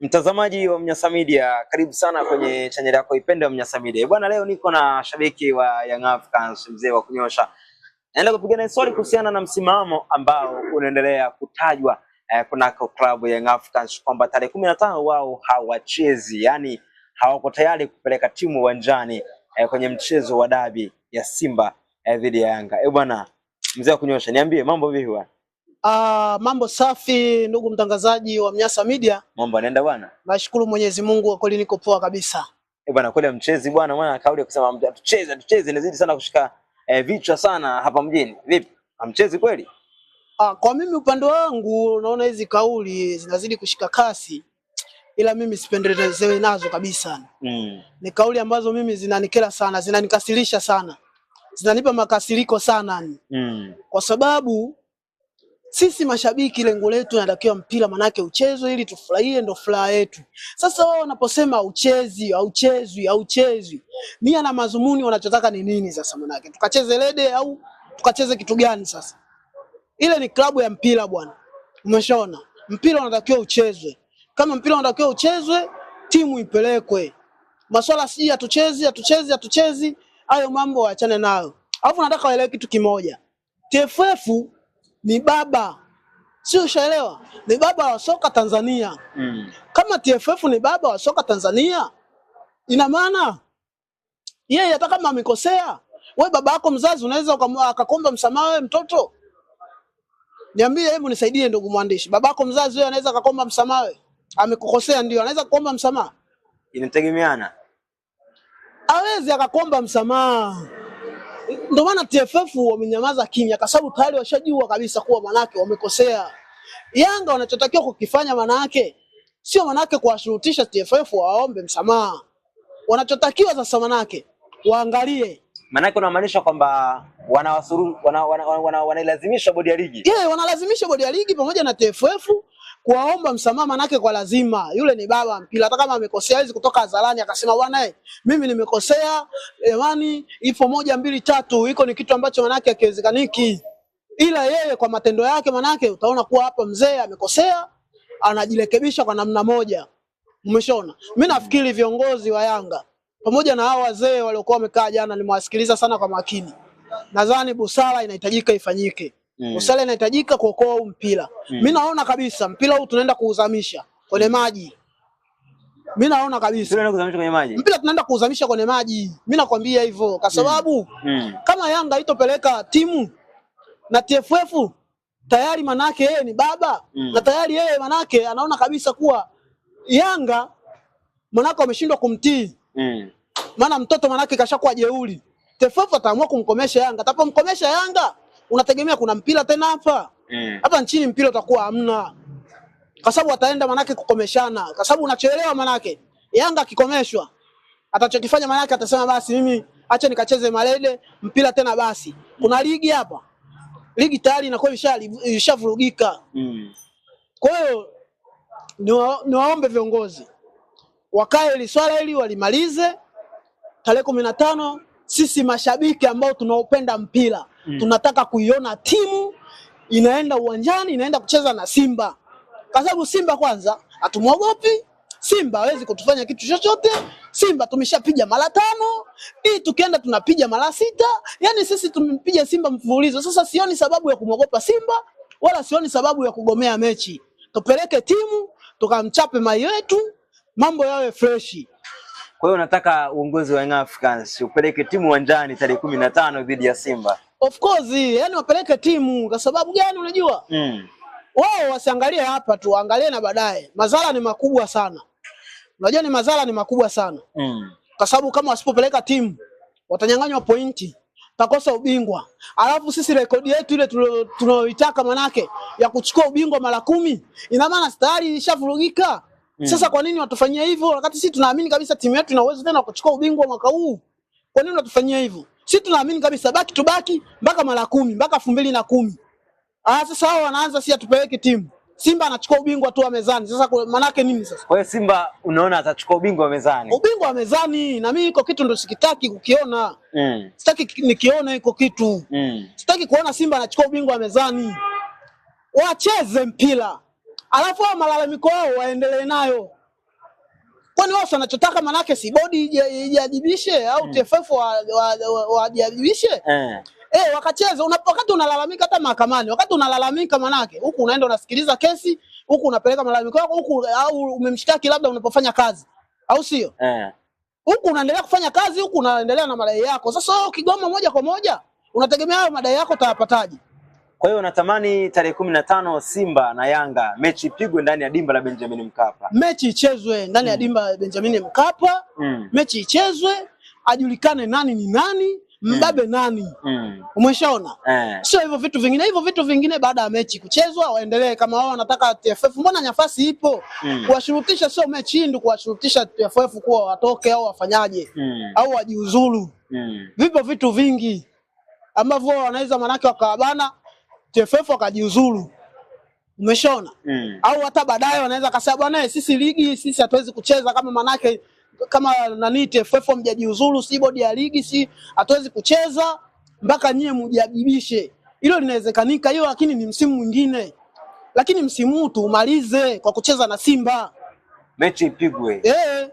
Mtazamaji wa Mnyasa Media, karibu sana kwenye chaneli yako ipendwa Mnyasa Media. Bwana, leo niko na shabiki wa Young Africans, mzee wa kunyosha, naenda kupiga naye swali kuhusiana na msimamo ambao unaendelea kutajwa eh, kunako klabu ya Young Africans kwamba tarehe kumi na tano wao hawachezi, yani hawako tayari kupeleka timu uwanjani eh, kwenye mchezo wa dabi ya Simba eh, dhidi eh, ya Yanga. Eh bwana, mzee wa kunyosha, niambie mambo vipi bwana? Uh, mambo safi ndugu mtangazaji wa Mnyasa Media. Mambo anaenda bwana? Nashukuru Mwenyezi Mungu kwa kweli niko poa kabisa. Eh, bwana kweli mchezi bwana mwana kauli kusema tucheze tucheze inazidi sana kushika eh, vichwa sana hapa mjini. Vipi? Amchezi kweli? Ah, kwa mimi upande wangu naona hizi kauli zinazidi kushika kasi. Ila mimi sipendezewe nazo kabisa. Mm. Ni kauli ambazo mimi zinanikera sana, zinanikasirisha sana. Zinanipa makasiriko sana. Mm. Kwa sababu sisi mashabiki lengo letu inatakiwa mpira manake uchezwe ili tufurahie, ndo furaha yetu. Sasa wao wanaposema hauchezi, auchezwi auchezwi, nia na mazumuni wanachotaka ni nini? Sasa manake tukacheze lede au tukacheze kitu gani? Sasa ile ni klabu ya mpira bwana, umeshaona? Mpira unatakiwa uchezwe. Kama mpira unatakiwa uchezwe, timu ipelekwe. Masuala si hatuchezi, hatuchezi, hatuchezi, hayo mambo waachane nayo. Alafu nataka waelewe kitu kimoja, TFF ni baba, sio ushaelewa, ni baba wa soka Tanzania mm. Kama TFF ni baba wa soka Tanzania, ina maana yeye hata kama amekosea, we baba yako mzazi unaweza akakomba msamaha wewe mtoto? Niambie, hebu nisaidie ndugu mwandishi, baba yako mzazi wewe anaweza akakomba msamaha wewe? Amekukosea ndio, anaweza kuomba msamaha, inategemeana. Awezi akakomba msamaha ndio maana TFF wamenyamaza kimya, kwa sababu tayari washajua kabisa kuwa manake wamekosea. Yanga wanachotakiwa kukifanya manake sio manake kuwashurutisha TFF waombe msamaha. Wanachotakiwa sasa manake waangalie Manake unamaanisha kwamba wanawasuru wanailazimisha wana, wana, wana, wana bodi ya ligi. Yeah, wanalazimisha bodi ya ligi pamoja na TFF kuwaomba msamaha manake kwa lazima. Yule ni baba wa mpira, hata kama amekosea hizi kutoka hadharani akasema bwana eh, mimi nimekosea, jamani, ipo moja mbili tatu. iko ni kitu ambacho manake akiwezekaniki, ila yeye kwa matendo yake manake utaona kuwa hapa mzee amekosea, anajirekebisha kwa namna moja. Umeshaona, mi nafikiri viongozi wa Yanga pamoja na hao wazee waliokuwa wamekaa jana, nimewasikiliza sana kwa makini. Nadhani busara inahitajika ifanyike mm. Usale inahitajika kuokoa huu mpira mm. Mi naona kabisa mpira huu tunaenda kuuzamisha kwenye maji. mi naona kabisa tunaenda kuzamisha kwenye maji. Mpira tunaenda kuuzamisha kwenye maji. Mi nakwambia hivyo kwa mm. sababu mm. kama Yanga itopeleka timu na TFF tayari manake yeye ni baba mm. na tayari yeye manake anaona kabisa kuwa Yanga mwanako wameshindwa kumtii mm. maana mtoto manake kashakuwa jeuri. TFF ataamua kumkomesha Yanga, atapomkomesha Yanga unategemea kuna mpira tena hapa mm. hapa nchini mpira utakuwa hamna, kwa sababu wataenda manake kukomeshana, kwa sababu unachoelewa manake Yanga akikomeshwa atachokifanya manake atasema basi mimi acha nikacheze malele mpira tena basi. Kuna ligi hapa, ligi tayari inakuwa ishavurugika mm. kwa hiyo niwaombe viongozi wakae ili swala hili walimalize tarehe kumi na tano sisi mashabiki ambao tunaopenda mpira mm. tunataka kuiona timu inaenda uwanjani inaenda kucheza na Simba kwa sababu Simba kwanza hatumwogopi Simba hawezi kutufanya kitu chochote. Simba tumeshapiga mara tano, hii tukienda tunapiga mara sita. yani sisi tumempiga Simba mfululizo. Sasa sioni sababu ya kumwogopa Simba wala sioni sababu ya kugomea mechi. Tupeleke timu tukamchape mai wetu, mambo yawe freshi. Kwa hiyo nataka uongozi wa Young Africans upeleke timu uwanjani tarehe kumi na tano dhidi ya Simba. Of course, yani wapeleke timu kwa sababu gani? Unajua mm. wao wasiangalie hapa tu, waangalie na baadaye. Madhara ni makubwa sana, unajua ni madhara ni makubwa sana mm. kwa sababu kama wasipopeleka timu watanyang'anywa pointi takosa ubingwa, alafu sisi rekodi yetu ile tunayoitaka manake ya kuchukua ubingwa mara kumi, ina maana tayari ilishafurugika. Mm. Sasa kwa nini watufanyia hivyo wakati sisi tunaamini kabisa timu yetu ina uwezo tena kuchukua ubingwa mwaka huu? Kwa nini watufanyia hivyo? Sisi tunaamini kabisa baki tubaki mpaka mara kumi mpaka elfu mbili na kumi. Ah, sasa hao wanaanza si atupeleke timu. Simba anachukua ubingwa tu wa mezani. Sasa manake nini sasa? Kwa hiyo Simba unaona atachukua ubingwa wa mezani. Ubingwa wa mezani na mimi iko kitu ndo sikitaki kukiona. Mm. Sitaki nikiona iko kitu. Mm. Sitaki kuona Simba anachukua ubingwa wa mezani. Wacheze mpira alafu hao malalamiko yao waendelee nayo. Kwani wao wanachotaka manake si bodi ijajibishe au mm. TFF wajajibishe? wa, wa, wa, eh. eh, wakacheza una, wakati unalalamika hata mahakamani, wakati unalalamika manake huku unaenda unasikiliza kesi huku unapeleka malalamiko yako huku, au umemshtaki labda unapofanya kazi, au sio? Eh, Huku unaendelea kufanya kazi, huku unaendelea na madai yako. Sasa wewe Kigoma, moja kwa moja unategemea hayo madai yako utayapataje? Kwa hiyo natamani tarehe kumi na tano Simba na Yanga mechi ipigwe ndani ya dimba la Benjamin Mkapa, mechi ichezwe ndani mm. ya dimba la Benjamin Mkapa mm. mechi ichezwe, ajulikane nani ni nani mbabe mm. nani mm. umeshaona eh. Sio hivyo vitu vingine, hivyo vitu vingine baada ya mechi kuchezwa waendelee kama wao wanataka TFF. Mbona nafasi ipo mm. kuwashurutisha? Sio mechi ndio kuwashurutisha TFF kuwa watoke au wafanyaje mm. au wajiuzuru mm. Vipo vitu vingi ambavyo wanaweza manake wakawabana TFF wakajiuzuru, umeshaona mm. au hata baadaye wanaweza kasema bwana, eh, sisi ligi sisi hatuwezi kucheza kama manake kama nani TFF mjajiuzuru, si bodi ya ligi, si hatuwezi kucheza mpaka nyie mjajibishe. Hilo linawezekanika hiyo, lakini ni msimu mwingine, lakini msimu huu tuumalize kwa kucheza na Simba, mechi ipigwe eh.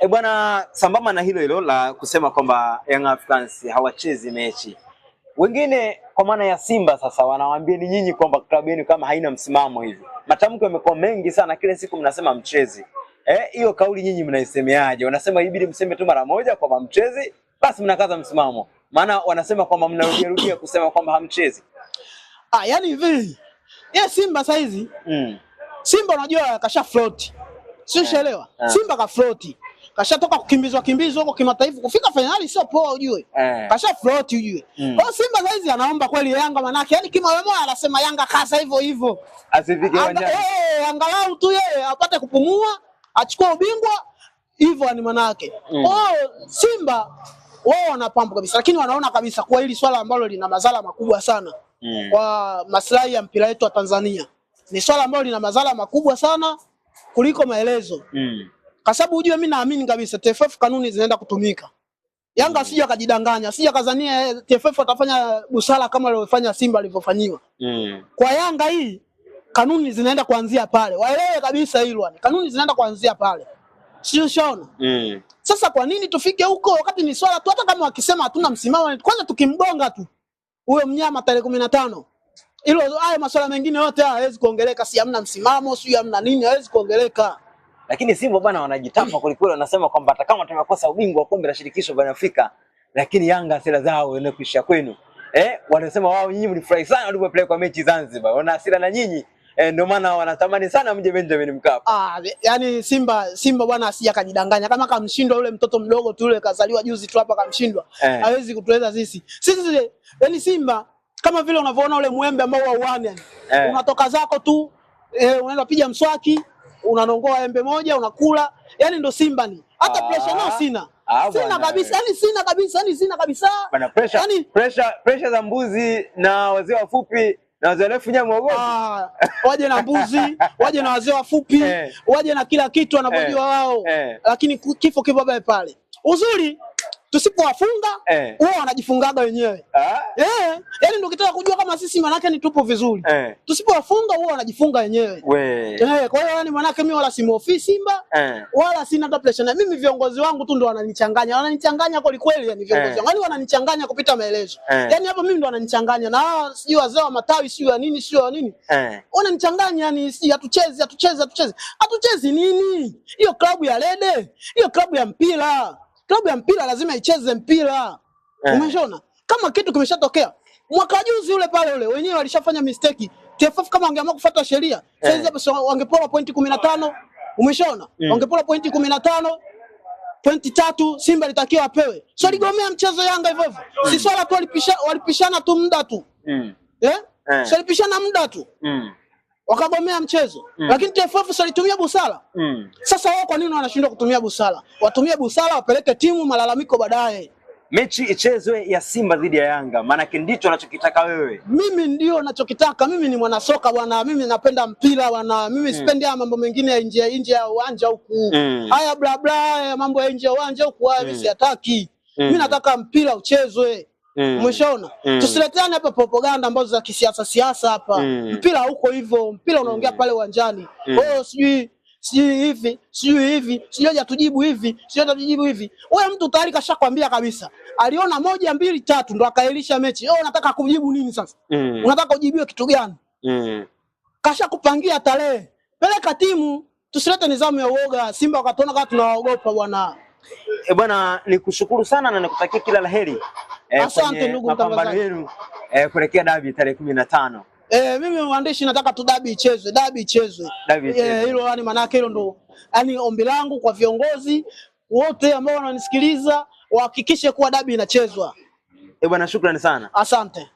E bwana, sambamba na hilo hilo la kusema kwamba Young Africans hawachezi mechi wengine kwa maana ya Simba sasa wanawaambia ni nyinyi kwamba klabu yenu kama haina msimamo hivi. Matamko yamekuwa mengi sana, kila siku mnasema mchezi. Eh, hiyo kauli nyinyi mnaisemeaje? Wanasema ibidi mseme tu mara moja kwamba mchezi, basi mnakaza msimamo. Maana wanasema kwamba mnarudia kusema kwamba hamchezi. Ah, yani hivi. Ya Simba saizi. Mm. Simba unajua kasha float. Sio yeah. Eh. Simba ka float kashatoka kukimbizwa kimbizwa huko kimataifa, kufika fainali sio poa, ujue eh. kasha float ujue mm. Kwa Simba saizi anaomba kweli Yanga, manake yani kimoyomo anasema Yanga kasa hivyo hivyo, asifike wanyama eh, angalau tu yeye apate kupumua, achukue ubingwa hivyo ni manake mm. Oh, Simba wao wanapamba kabisa, lakini wanaona kabisa kuwa hili swala ambalo lina madhara makubwa sana mm. kwa maslahi ya mpira wetu wa Tanzania. Ni swala ambalo lina madhara makubwa sana kuliko maelezo mm. Kwa sababu ujue mimi naamini kabisa TFF kanuni zinaenda kutumika. Yanga mm. sija akajidanganya, sija akazania eh, TFF atafanya busara kama alivyofanya Simba alivyofanyiwa. Mm. Kwa Yanga hii kanuni zinaenda kuanzia pale. Waelewe kabisa hilo. Kanuni zinaenda kuanzia pale. Sio shaona. Mm. Sasa kwa nini tufike huko wakati ni swala tu hata kama wakisema hatuna msimamo kwanza tukimgonga tu huyo mnyama tarehe 15 hilo hayo masuala mengine yote hayawezi kuongeleka, si hamna msimamo, si hamna nini, hawezi kuongeleka. Lakini Simba bwana wanajitapa kulikweli, wanasema kwamba hata kama tumekosa ubingwa wa kombe la shirikisho bwana Afrika, lakini Yanga hasira zao wenyewe kuisha kwenu. Eh, wanasema wao nyinyi mlifurahi sana kwa mechi Zanzibar. Wana hasira na nyinyi. Eh, ndio maana wanatamani sana mje Benjamin Mkapa. Ah, yani Simba Simba bwana asija kajidanganya kama kamshindwa yule mtoto mdogo tu yule kazaliwa juzi tu hapa kamshindwa. Eh. Hawezi kutueleza sisi. Sisi yani Simba kama vile unavyoona ule mwembe ambao wauani yani. Eh. Unatoka zako tu eh, unaenda piga mswaki unanongoa embe moja unakula, yani ndo Simba ni hata ah, pressure nao sina ah, sina kabisa yani, sina kabisa yani, sina kabisa bana pressure yani, pressure pressure za mbuzi na wazee wafupi na wazee refu nyama mwogopi. Ah, waje na mbuzi waje na wazee wafupi eh, waje na kila kitu wanapojua eh, wao eh, lakini kifo kipo pale pale. Uzuri tusipowafunga eh. huwa eh, wanajifungaga wenyewe ah, eh. Yani ndokitaka kujua kama sisi manake ni tupo vizuri eh, tusipowafunga huwa wanajifunga wenyewe eh. Kwa hiyo yani manake mi wala simhofii Simba eh, wala sina hata presha na mimi, viongozi wangu tu ndo wananichanganya wananichanganya kweli kweli, yani viongozi eh, wangu yani wananichanganya kupita maelezo eh. Yani hapo mimi ndo wananichanganya na sijui wazee wa matawi sijui ya nini sijui ya nini eh, wananichanganya yani, si hatuchezi hatuchezi hatuchezi hatuchezi nini? Hiyo klabu ya Lede, hiyo klabu ya mpira klabu ya mpira lazima icheze mpira eh. Umeshaona kama kitu kimeshatokea mwaka juzi ule pale ule wenyewe walishafanya mistake. TFF kama wangeamua kufuata sheria eh. Sasa hivi wangepola pointi 15 umeshaona mm. Wangepola pointi 15 pointi tatu Simba litakiwa apewe. So mm. waligomea mchezo Yanga hivyo hivyo, si swala tu walipisha, walipishana tu muda tu mm. eh? eh. So alipishana muda tu mm wakagomea mchezo mm. Lakini TFF salitumia busara mm. Sasa wao kwa nini wanashindwa kutumia busara? Watumie busara, wapeleke timu malalamiko baadaye mechi ichezwe ya Simba dhidi ya Yanga, maanake ndicho anachokitaka wewe. Mimi ndio nachokitaka. Mimi ni mwanasoka bwana, mimi napenda mpira bwana, mimi mm. sipendi haya mambo mengine ya nje nje ya uwanja huku mm. haya bla bla, mambo ya nje ya uwanja huku haya mm. mimi siyataki mm. mimi nataka mpira uchezwe mm. Umeshaona mm. Tusileteane hapa propaganda ambazo za kisiasa siasa hapa mm. Mpira huko hivyo, mpira unaongea mm. pale uwanjani mm. Oh, sijui sijui hivi sijui hivi sijui hajatujibu hivi sijui hajatujibu hivi. Wewe mtu tayari kashakwambia kabisa, aliona moja mbili tatu ndo akaelisha mechi. Wewe oh, unataka kujibu nini sasa? mm. Unataka ujibiwe kitu gani? mm. Kashakupangia tarehe, peleka timu, tusilete nizamu ya uoga. Simba wakatuona kama tunawaogopa bwana. E bwana, nikushukuru sana na nikutakia kila laheri eh, asante ndugu mtangazaji yenu eh, kuelekea dabi tarehe kumi na tano. Eh, mimi mwandishi nataka tu dabi ichezwe, dabi ichezwe. Eh, hilo yani maana yake hilo ndo yani ombi langu kwa viongozi wote ambao wananisikiliza wahakikishe kuwa dabi inachezwa. Eh, bwana shukrani sana. Asante.